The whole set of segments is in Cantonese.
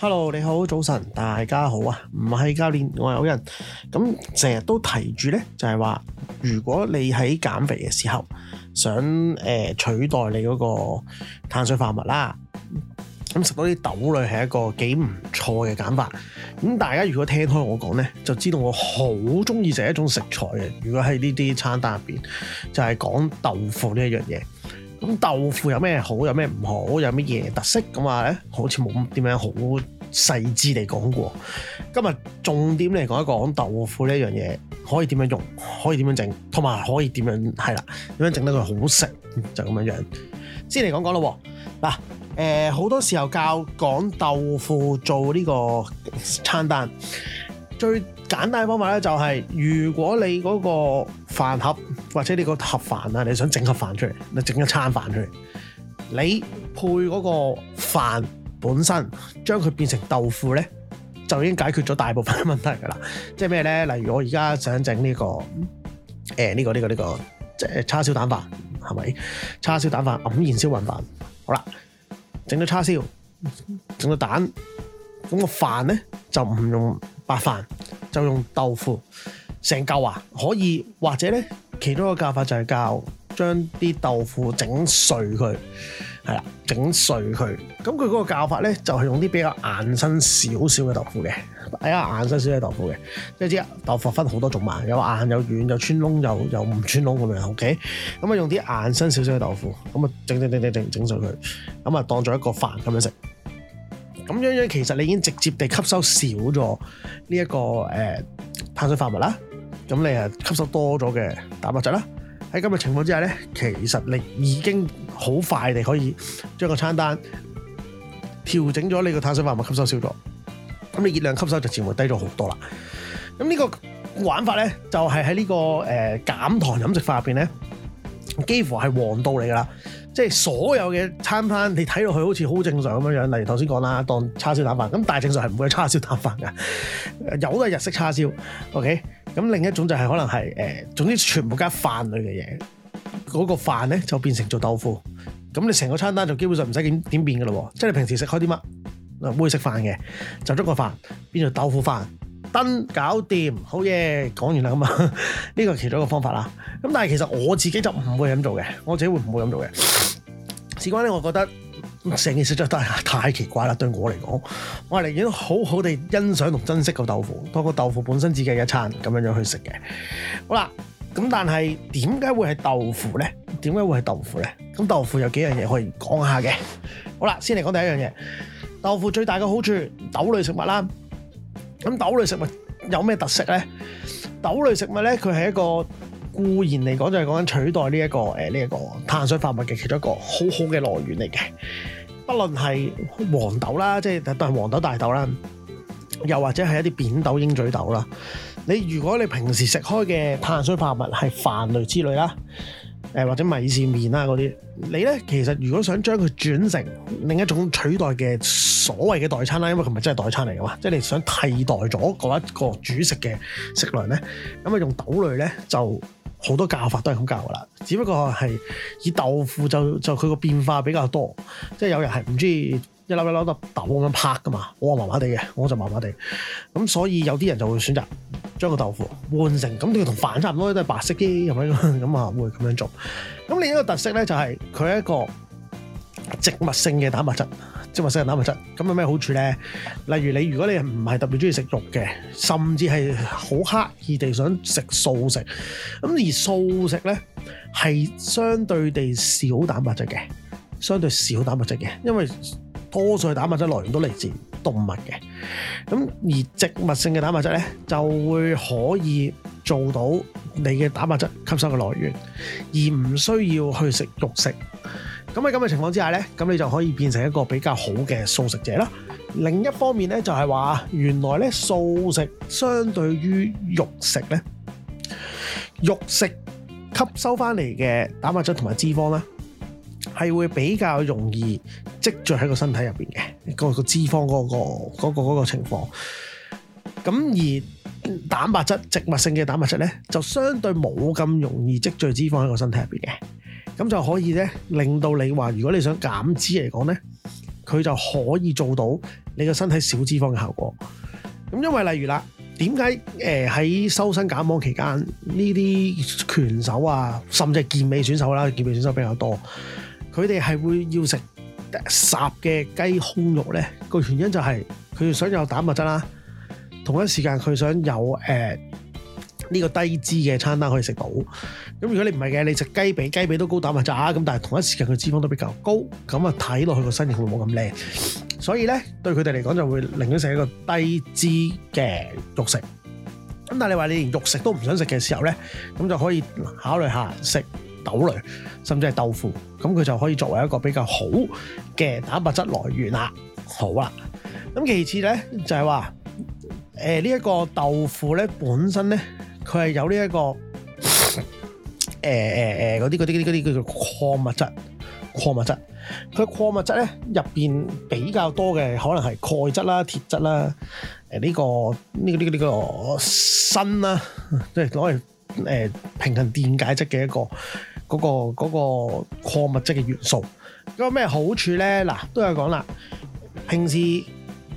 hello，你好早晨，大家好啊！唔係教練，我係好人咁成日都提住呢，就係話如果你喺減肥嘅時候想誒取代你嗰個碳水化合物啦，咁食多啲豆類係一個幾唔錯嘅減法。咁大家如果聽開我講呢，就知道我好中意食一種食材嘅。如果喺呢啲餐單入邊，就係講豆腐呢樣嘢。咁豆腐有咩好，有咩唔好，有乜嘢特色咁話咧，好似冇點樣好細緻地講過。今日重點嚟講一講豆腐呢樣嘢，可以點樣用，可以點樣整，同埋可以點樣係啦，點樣整得佢好食就咁樣樣。先嚟講講咯喎，嗱誒，好多時候教講豆腐做呢個餐單，最簡單嘅方法咧、就是，就係如果你嗰個飯盒或者你個盒飯啊，你想整盒飯出嚟，你整一餐飯出嚟，你配嗰個飯本身將佢變成豆腐咧，就已經解決咗大部分嘅問題㗎喇。即係咩咧？例如我而家想整呢、這個誒呢、欸這個呢、這個呢、這個即係叉燒蛋飯，係咪？叉燒蛋飯、黯然銷魂飯，好啦，整咗叉燒，整咗蛋，咁、那個飯咧就唔用白飯。就用豆腐成嚿啊，可以或者咧，其中一個教法就係教將啲豆腐整碎佢，係啦，整碎佢。咁佢嗰個教法咧就係用啲比較硬身少少嘅豆腐嘅，誒、哎、啊硬身少少豆腐嘅，即係知豆腐分好多種嘛，有硬有軟，有穿窿又又唔穿窿咁樣。OK，咁啊用啲硬身少少嘅豆腐，咁啊整整整整整整碎佢，咁啊當作一個飯咁樣食。咁樣樣其實你已經直接地吸收少咗呢一個誒碳水化合物啦，咁你係吸收多咗嘅蛋白質啦。喺今日情況之下咧，其實你已經好快地可以將個餐單調整咗，你個碳水化合物吸收少咗，咁你熱量吸收就自然會低咗好多啦。咁呢個玩法咧，就係喺呢個誒、呃、減糖飲食法入邊咧，幾乎係王道嚟㗎啦。即係所有嘅餐單，你睇落去好似好正常咁樣樣。例如頭先講啦，當叉燒蛋飯，咁但係正常係唔會有叉燒蛋飯嘅，有都係日式叉燒。OK，咁另一種就係、是、可能係誒、呃，總之全部加飯類嘅嘢，嗰、那個飯咧就變成做豆腐。咁你成個餐單就基本上唔使點點變嘅咯。即係你平時食開啲乜，唔會食飯嘅，就捉個飯變做豆腐飯。燈搞掂，好嘢，講完啦咁啊，呢個係其中一個方法啦。咁但係其實我自己就唔會咁做嘅，我自己會唔會咁做嘅？事關咧，我覺得成件事真係太奇怪啦。對我嚟講，我係寧願好好地欣賞同珍惜個豆腐，當個豆腐本身自己嘅一餐咁樣樣去食嘅。好啦，咁但係點解會係豆腐咧？點解會係豆腐咧？咁豆腐有幾樣嘢可以講下嘅。好啦，先嚟講第一樣嘢，豆腐最大嘅好處，豆類食物啦。咁豆類食物有咩特色呢？豆類食物呢，佢係一個固然嚟講，就係講緊取代呢一個誒呢一個碳水化合物嘅其中一個好好嘅來源嚟嘅。不論係黃豆啦，即係都係黃豆大豆啦，又或者係一啲扁豆、鷹嘴豆啦。你如果你平時食開嘅碳水化合物係飯類之類啦。誒，或者米線麵啦嗰啲，你咧其實如果想將佢轉成另一種取代嘅所謂嘅代餐啦，因為佢咪真係代餐嚟嘅嘛，即係你想替代咗嗰一個主食嘅食量咧，咁啊用豆類咧就好多教法都係咁教嘅啦，只不過係以豆腐就就佢個變化比較多，即係有人係唔中意一粒一粒粒豆咁拍嘅嘛，我話麻麻地嘅，我就麻麻地，咁所以有啲人就會選擇。將個豆腐換成咁，佢同飯差唔多，都係白色嘅咁樣，咁啊會咁樣做。咁另一個特色咧、就係，就係佢係一個植物性嘅蛋白質，植物性嘅蛋白質。咁有咩好處咧？例如你如果你唔係特別中意食肉嘅，甚至係好刻意地想食素食，咁而素食咧係相對地少蛋白質嘅，相對少蛋白質嘅，因為多數嘅蛋白質來源都嚟自，動物嘅，咁而植物性嘅蛋白質呢，就會可以做到你嘅蛋白質吸收嘅來源，而唔需要去食肉食。咁喺咁嘅情況之下呢，咁你就可以變成一個比較好嘅素食者啦。另一方面呢，就係話原來呢素食相對於肉食呢，肉食吸收翻嚟嘅蛋白質同埋脂肪呢。係會比較容易積聚喺個身體入邊嘅，個、嗰個脂肪嗰、嗰個嗰、嗰個、嗰個嗰個情況。咁而蛋白質，植物性嘅蛋白質呢，就相對冇咁容易積聚在脂肪喺個身體入邊嘅。咁就可以呢，令到你話，如果你想減脂嚟講呢，佢就可以做到你個身體少脂肪嘅效果。咁因為例如啦，點解誒喺修身減磅期間呢啲拳手啊，甚至健美選手啦、啊，健美選手比較多。佢哋係會要食烚嘅雞胸肉咧，個原因就係佢想有蛋白質啦。同一時間佢想有誒呢個低脂嘅餐單可以食到。咁如果你唔係嘅，你食雞髀，雞髀都高蛋白質啊。咁但係同一時間佢脂肪都比較高，咁啊睇落去個身形會冇咁靚。所以咧對佢哋嚟講就會寧願食一個低脂嘅肉食。咁但係你話你連肉食都唔想食嘅時候咧，咁就可以考慮下食。豆類甚至係豆腐，咁佢就可以作為一個比較好嘅蛋白質來源啦。好啦，咁其次咧就係、是、話，誒呢一個豆腐咧本身咧，佢係有、這個呃、呢一個誒誒誒嗰啲啲啲叫做礦物質，礦物質。佢礦物質咧入邊比較多嘅可能係鈣質啦、鐵質啦，誒、呃、呢、這個呢、這個呢、這個呢、這個鋅啦，即係攞嚟誒平衡電解質嘅一個。嗰個嗰個礦物質嘅元素，咁咩好處咧？嗱，都有講啦。平時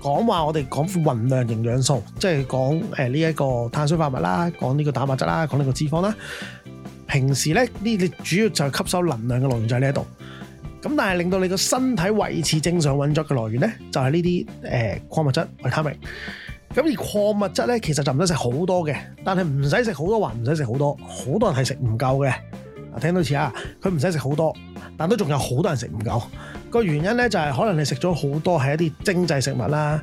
講話我哋講份能量營養素，即係講誒呢一個碳水化合物啦，講呢個蛋白質啦，講呢個脂肪啦。平時咧，呢你主要就係吸收能量嘅來源就係呢一度咁，咁但係令到你個身體維持正常運作嘅來源咧，就係呢啲誒礦物質維他命。咁而礦物質咧，其實就唔使食好多嘅，但係唔使食好多還唔使食好多，好多人係食唔夠嘅。啊，聽到似啊，佢唔使食好多，但都仲有好多人食唔夠。個原因咧就係可能你食咗好多係一啲精製食物啦，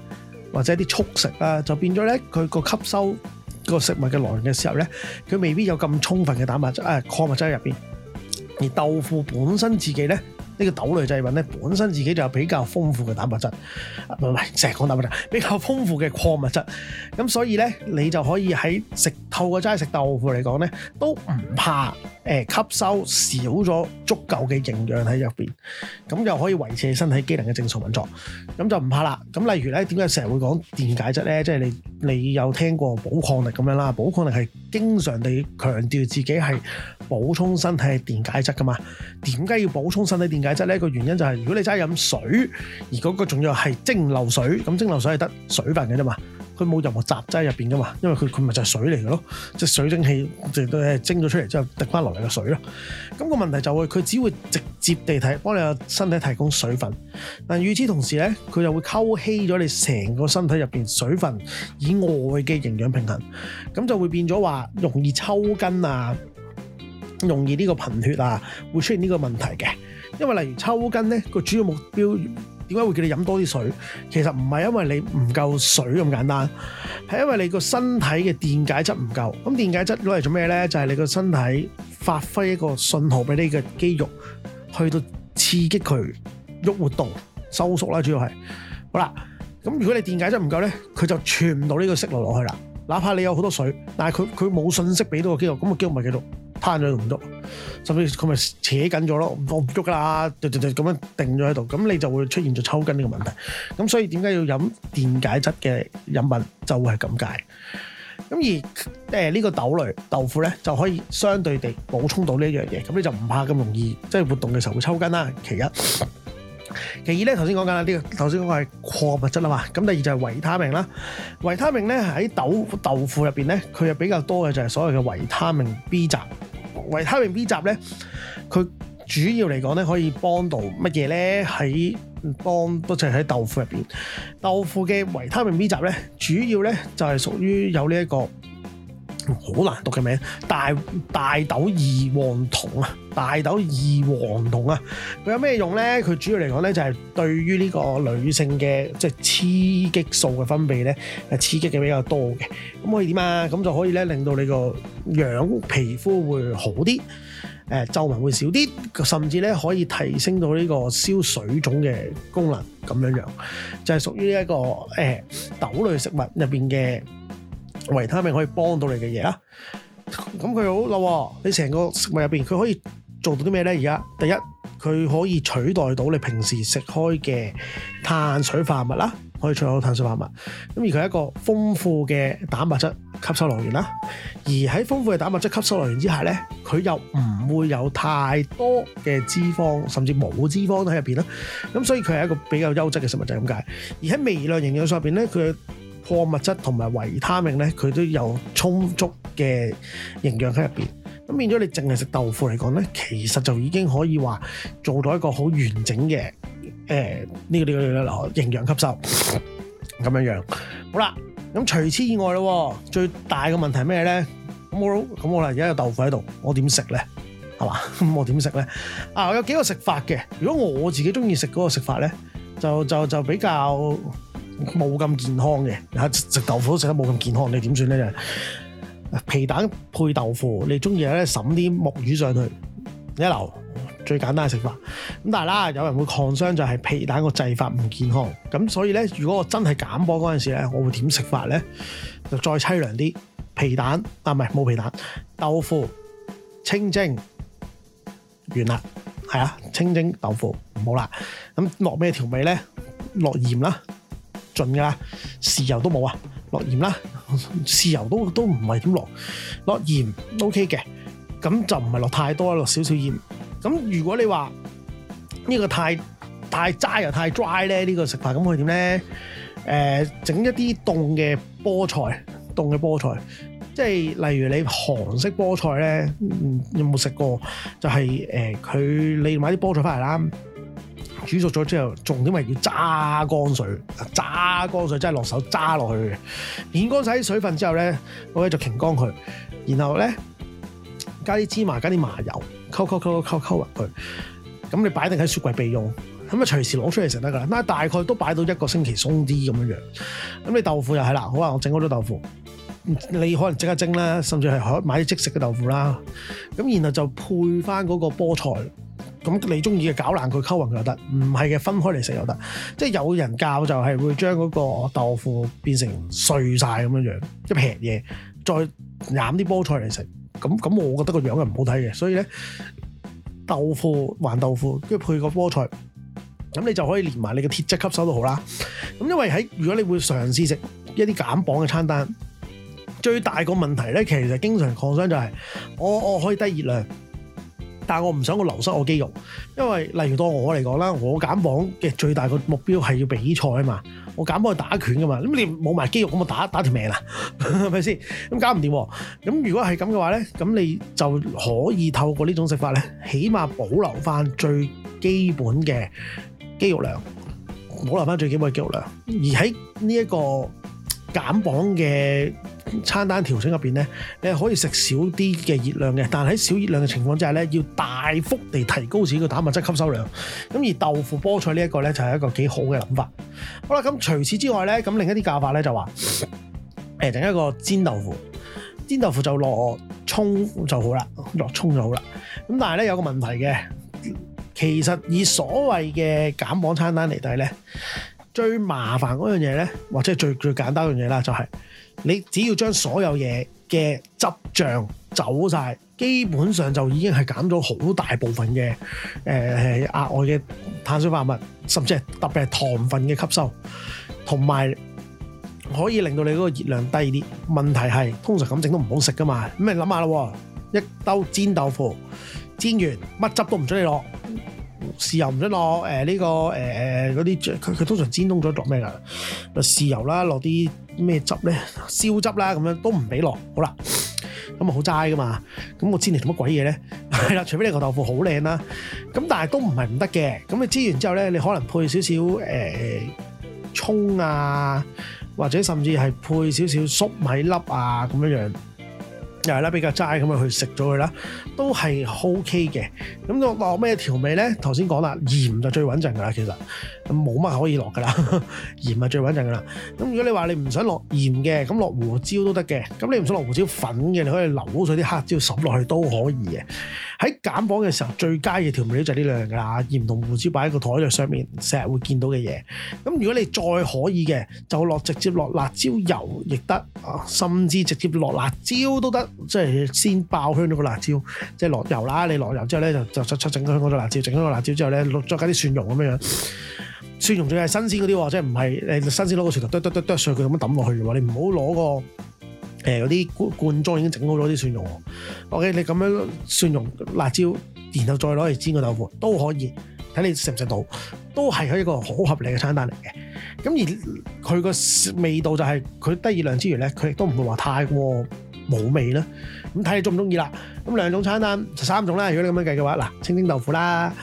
或者一啲速食啦，就變咗咧佢個吸收個食物嘅來源嘅時候咧，佢未必有咁充分嘅蛋白質啊、呃，礦物質喺入邊。而豆腐本身自己咧。呢個豆類製品咧，本身自己就有比較豐富嘅蛋白質，唔係，成日講蛋白質，比較豐富嘅礦物質。咁所以咧，你就可以喺食透個齋食豆腐嚟講咧，都唔怕誒吸收少咗足夠嘅營養喺入邊，咁就可以維持你身體機能嘅正常運作，咁就唔怕啦。咁例如咧，點解成日會講電解質咧？即係你你有聽過寶礦力咁樣啦，寶礦力係。經常地強調自己係補充身體嘅電解質㗎嘛，點解要補充身體的電解質呢？個原因就係如果你齋飲水，而嗰個仲要係蒸餾水，咁蒸餾水係得水分嘅啫嘛。佢冇任何雜劑入邊噶嘛，因為佢佢咪就係水嚟嘅咯，即係水蒸氣，即係蒸咗出嚟之後滴翻落嚟嘅水咯。咁個問題就會佢只會直接地提幫你個身體提供水分，但與此同時咧，佢就會溝稀咗你成個身體入邊水分以外嘅營養平衡，咁就會變咗話容易抽筋啊，容易呢個貧血啊，會出現呢個問題嘅。因為例如抽筋咧，個主要目標。點解會叫你飲多啲水？其實唔係因為你唔夠水咁簡單，係因為你個身體嘅電解質唔夠。咁電解質攞嚟做咩咧？就係你個身體發揮一個信號俾你嘅肌肉，去到刺激佢喐活動、收縮啦，主要係。好啦，咁如果你電解質唔夠咧，佢就傳唔到呢個訊號落去啦。哪怕你有好多水，但係佢佢冇信息俾到個肌肉，咁個肌肉咪繼續。攤咗唔喐，甚至佢咪扯緊咗咯，我唔喐啦，就就就咁樣定咗喺度，咁你就會出現咗抽筋呢個問題。咁所以點解要飲電解質嘅飲品，就會係咁解。咁而誒呢、呃呢個豆類豆腐咧，就可以相對地補充到呢一樣嘢，咁你就唔怕咁容易即係、即係、活動嘅時候會抽筋啦。其一，其二咧，頭先講緊啦，呢、呢個頭先嗰個係礦物質啊嘛，咁第二就係維他命啦。維他命咧喺豆豆腐入邊咧，佢又比較多嘅就係所謂嘅維他命 B 雜。維他命 B 集咧，佢主要嚟講咧，可以幫到乜嘢咧？喺幫，即係喺豆腐入邊，豆腐嘅維他命 B 集咧，主要咧就係屬於有呢一個。好難讀嘅名，大大豆異黃酮啊，大豆異黃酮啊，佢有咩用咧？佢主要嚟講咧就係對於呢個女性嘅即係雌激素嘅分泌咧，刺激嘅比較多嘅，咁可以點啊？咁就可以咧令到你個樣皮膚會好啲，誒、呃、皺紋會少啲，甚至咧可以提升到呢個消水腫嘅功能咁樣樣，就係、是、屬於一個、呃、豆類食物入面嘅。維他命可以幫到你嘅嘢啦，咁佢好咯。你成個食物入邊，佢可以做到啲咩咧？而家第一，佢可以取代到你平時食開嘅碳水化合物啦，可以取代到碳水化合物。咁而佢係一個豐富嘅蛋白質吸收來源啦。而喺豐富嘅蛋白質吸收來源之下咧，佢又唔會有太多嘅脂肪，甚至冇脂肪喺入邊啦。咁所以佢係一個比較優質嘅食物就係咁解。而喺微量營養素入邊咧，佢礦物質同埋維他命咧，佢都有充足嘅營養喺入邊。咁變咗你淨係食豆腐嚟講咧，其實就已經可以話做到一個好完整嘅誒呢個呢個呢個營養吸收咁樣樣。好啦，咁除此以外咯，最大嘅問題係咩咧？咁我咁我咧而家有豆腐喺度，我點食咧？係嘛？咁我點食咧？啊，我有幾個食法嘅。如果我自己中意食嗰個食法咧，就就就比較冇咁健康嘅，食豆腐都食得冇咁健康，你點算咧？皮蛋配豆腐，你中意咧，滲啲木魚上去，一流，最簡單嘅食法。咁但係啦，有人會抗傷就係皮蛋個製法唔健康。咁所以咧，如果我真係減磅嗰陣時咧，我會點食法咧？就再淒涼啲，皮蛋啊，唔係冇皮蛋，豆腐清蒸完啦，係啊，清蒸豆腐唔好啦。咁落咩調味咧？落鹽啦。盡㗎啦，豉油都冇啊，落鹽啦，豉油都都唔係點落，落鹽 O K 嘅，咁就唔係落太多，落少少鹽。咁如果你話呢個太太，太齋又太 dry 咧，這個、吃呢個食法咁會點咧？誒、呃，整一啲凍嘅菠菜，凍嘅菠菜，即係例如你韓式菠菜咧、嗯，有冇食過？就係、是、誒，佢、呃、你買啲菠菜翻嚟啦。煮熟咗之後，重點係要揸乾水。揸乾水真係落手揸落去嘅，染乾晒啲水分之後咧，我喺度乾乾佢，然後咧加啲芝麻，加啲麻油，溝溝溝溝溝埋佢。咁你擺定喺雪櫃備用，咁啊隨時攞出嚟食得噶啦。嗱，大概都擺到一個星期鬆啲咁樣樣。咁你豆腐又係啦，好啦，我整好多豆腐，你可能即刻蒸啦，甚至係可買啲即食嘅豆腐啦。咁然後就配翻嗰個菠菜。咁你中意嘅搞爛佢溝勻佢又得，唔係嘅分開嚟食又得，即係有人教就係會將嗰個豆腐變成碎晒咁樣樣一撇嘢，再攬啲菠菜嚟食，咁咁我覺得個樣係唔好睇嘅，所以咧豆腐還豆腐，跟住配個菠菜，咁你就可以連埋你嘅鐵質吸收都好啦。咁因為喺如果你會嘗試食一啲減磅嘅餐單，最大個問題咧其實經常抗傷就係、是、我我可以低熱量。但係我唔想我流失我肌肉，因為例如當我嚟講啦，我減磅嘅最大個目標係要比賽啊嘛，我減磅係打拳噶嘛，咁你冇埋肌肉咁我打打條命啊，係咪先？咁搞唔掂，咁如果係咁嘅話咧，咁你就可以透過呢種食法咧，起碼保留翻最基本嘅肌肉量，保留翻最基本嘅肌肉量，而喺呢一個減磅嘅。餐單調整入邊咧，你係可以食少啲嘅熱量嘅，但喺少熱量嘅情況之下咧，要大幅地提高自己嘅蛋白質吸收量。咁而豆腐菠菜呢一個咧，就係一個幾好嘅諗法。好啦，咁除此之外咧，咁另一啲教法咧就話、是，誒另一個煎豆腐，煎豆腐就落葱就好啦，落葱就好啦。咁但係咧有個問題嘅，其實以所謂嘅減磅餐單嚟睇咧，最麻煩嗰樣嘢咧，或者係最最簡單一樣嘢啦，就係。你只要將所有嘢嘅汁醬走晒，基本上就已經係減咗好大部分嘅誒誒額外嘅碳水化合物，甚至係特別係糖分嘅吸收，同埋可以令到你嗰個熱量低啲。問題係通常咁整都唔好食噶嘛，咁你諗下咯，一兜煎豆腐，煎完乜汁都唔準你落。豉油唔準落，誒呢個誒誒嗰啲，佢佢通常煎通咗落咩噶？落豉油啦，落啲咩汁咧？燒汁啦，咁樣都唔俾落，好啦，咁啊好齋噶嘛，咁我煎嚟做乜鬼嘢咧？係啦，除非你個豆腐好靚啦，咁但係都唔係唔得嘅，咁你煎完之後咧，你可能配少少誒葱啊，或者甚至係配少少粟米粒啊咁樣樣。就係啦，比較齋咁樣去食咗佢啦，都係 OK 嘅。咁落落咩調味咧？頭先講啦，鹽就最穩陣㗎啦。其實冇乜可以落㗎啦，鹽係最穩陣㗎啦。咁如果你話你唔想落鹽嘅，咁落胡椒都得嘅。咁你唔想落胡椒粉嘅，你可以留倒曬啲黑椒落去都可以嘅。喺減磅嘅時候，最佳嘅調味料就係呢兩樣㗎啦，鹽同胡椒擺喺個台桌上面，成日會見到嘅嘢。咁如果你再可以嘅，就落直接落辣椒油亦得，啊，甚至直接落辣椒都得。即係先爆香咗個辣椒，即係落油啦。你落油之後咧，就就出整香咗個辣椒，整咗個辣椒之後咧，再加啲蒜蓉咁樣樣。蒜蓉仲要係新鮮嗰啲喎，即係唔係你新鮮攞個蒜頭剁剁剁剁碎，佢咁樣抌落去嘅，你唔好攞個誒嗰啲罐罐裝已經整好咗啲蒜蓉，OK？蒜蓉。OK，你咁樣蒜蓉辣椒，然後再攞嚟煎個豆腐都可以。睇你食唔食到，都係一個好合理嘅餐單嚟嘅。咁而佢個味道就係佢低熱量之餘咧，佢亦都唔會話太過冇味啦，咁睇你鍾唔鍾意啦。咁兩種餐單，就三種啦。如果你咁樣計嘅話，嗱，清蒸豆腐啦。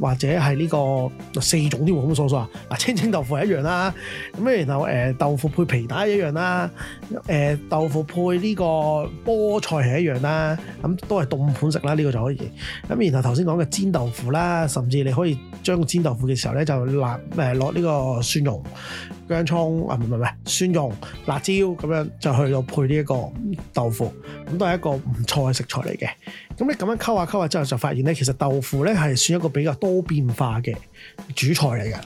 或者係呢、這個四種添喎，咁樣數數啊！嗱，青青豆腐係一樣啦，咁然後誒、欸、豆腐配皮蛋一樣啦，誒、欸、豆腐配呢個菠菜係一樣啦，咁都係凍盤食啦，呢、這個就可以。咁然後頭先講嘅煎豆腐啦，甚至你可以將煎豆腐嘅時候咧就辣誒攞呢個蒜蓉、薑葱啊，唔係唔係，蒜蓉、辣椒咁樣就去到配呢一個豆腐，咁都係一個唔錯嘅食材嚟嘅。咁你咁樣溝下溝下之後，就發現咧，其實豆腐咧係算一個比較多變化嘅主菜嚟嘅。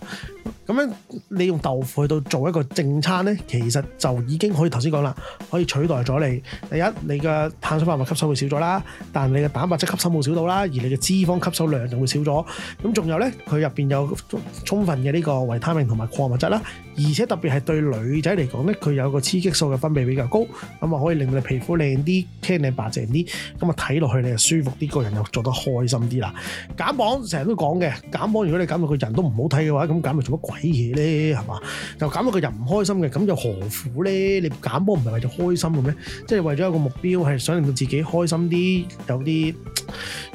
咁樣你用豆腐去到做一個正餐呢，其實就已經可以頭先講啦，可以取代咗你。第一，你嘅碳水化合物吸收會少咗啦，但你嘅蛋白質吸收冇少到啦，而你嘅脂肪吸收量就會少咗。咁仲有呢，佢入面有充分嘅呢個維他命同埋礦物質啦，而且特別係對女仔嚟講呢，佢有一個雌激素嘅分泌比較高，咁啊可以令你皮膚靚啲、青靚白淨啲，咁啊睇落去你又舒服啲，個人又做得開心啲啦。減磅成日都講嘅，減磅如果你減到個人都唔好睇嘅話，咁減到做乜鬼？睇嘢咧，係嘛？就減到個人唔開心嘅，咁又何苦咧？你減磅唔係為咗開心嘅咩？即係為咗一個目標，係想令到自己開心啲，有啲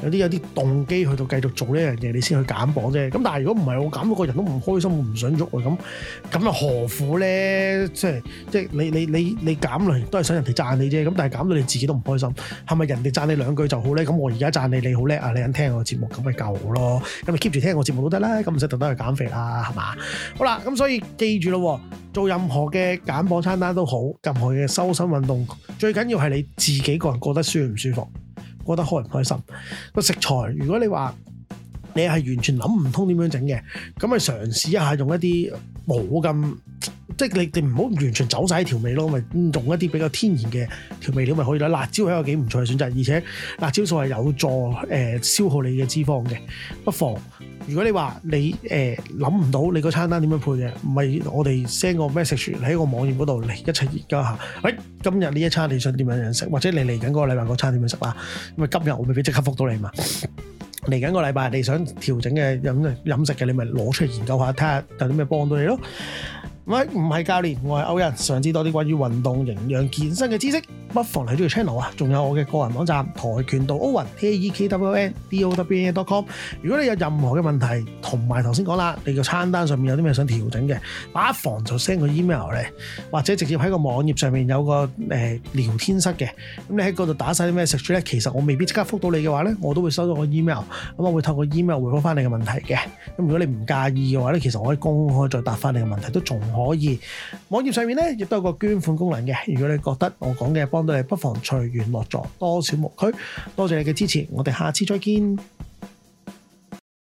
有啲有啲動機去到繼續做呢樣嘢，你先去減磅啫。咁但係如果唔係，我減到個人都唔開心，唔想喐啊，咁咁又何苦咧？即係即係你你你你減落嚟都係想人哋讚你啫。咁但係減到你自己都唔開心，係咪人哋讚你兩句就好咧？咁我而家讚你你好叻啊，你肯聽我嘅節目，咁咪夠咯。咁咪 keep 住聽我節目都得啦，咁唔使特登去減肥啦，係嘛？好啦，咁所以記住咯，做任何嘅減磅餐單都好，任何嘅修身運動，最緊要係你自己個人過得舒唔舒服，過得開唔開心。個食材，如果你話你係完全諗唔通點樣整嘅，咁咪嘗試一下用一啲冇咁，即係你哋唔好完全走晒調味咯，咪用一啲比較天然嘅調味料咪可以啦。辣椒係一個幾唔錯嘅選擇，而且辣椒素係有助誒、呃、消耗你嘅脂肪嘅，不妨。如果你話你誒諗唔到你個餐單點樣配嘅，唔係我哋 send 個 message 喺個網頁嗰度嚟一齊研究下。喂，今日呢一餐你想點樣食，或者你嚟緊嗰個禮拜個餐點樣食啦？咁啊，今日我未必即刻覆到你嘛。嚟緊個禮拜你想調整嘅飲飲食嘅，你咪攞出嚟研究下，睇下有啲咩幫到你咯。喂，唔係教練，我係歐人，常知多啲關於運動營養健身嘅知識，不妨嚟我哋 channel 啊！仲有我嘅個人網站台拳道歐 E K W N D O W N dot com）。如果你有任何嘅問題，同埋頭先講啦，你個餐單上面有啲咩想調整嘅，打房就 send 個 email 嚟，或者直接喺個網頁上面有個、呃、聊天室嘅。咁你喺嗰度打晒啲 message 咧，其實我未必即刻覆到你嘅話咧，我都會收到個 email。咁我會透過 email 回覆翻你嘅問題嘅。咁如果你唔介意嘅話咧，其實我可以公開再答翻你嘅問題，都仲～可以，網頁上面咧亦都有個捐款功能嘅。如果你覺得我講嘅幫到你，不妨隨緣樂助，多少無拘。多謝你嘅支持，我哋下次再見。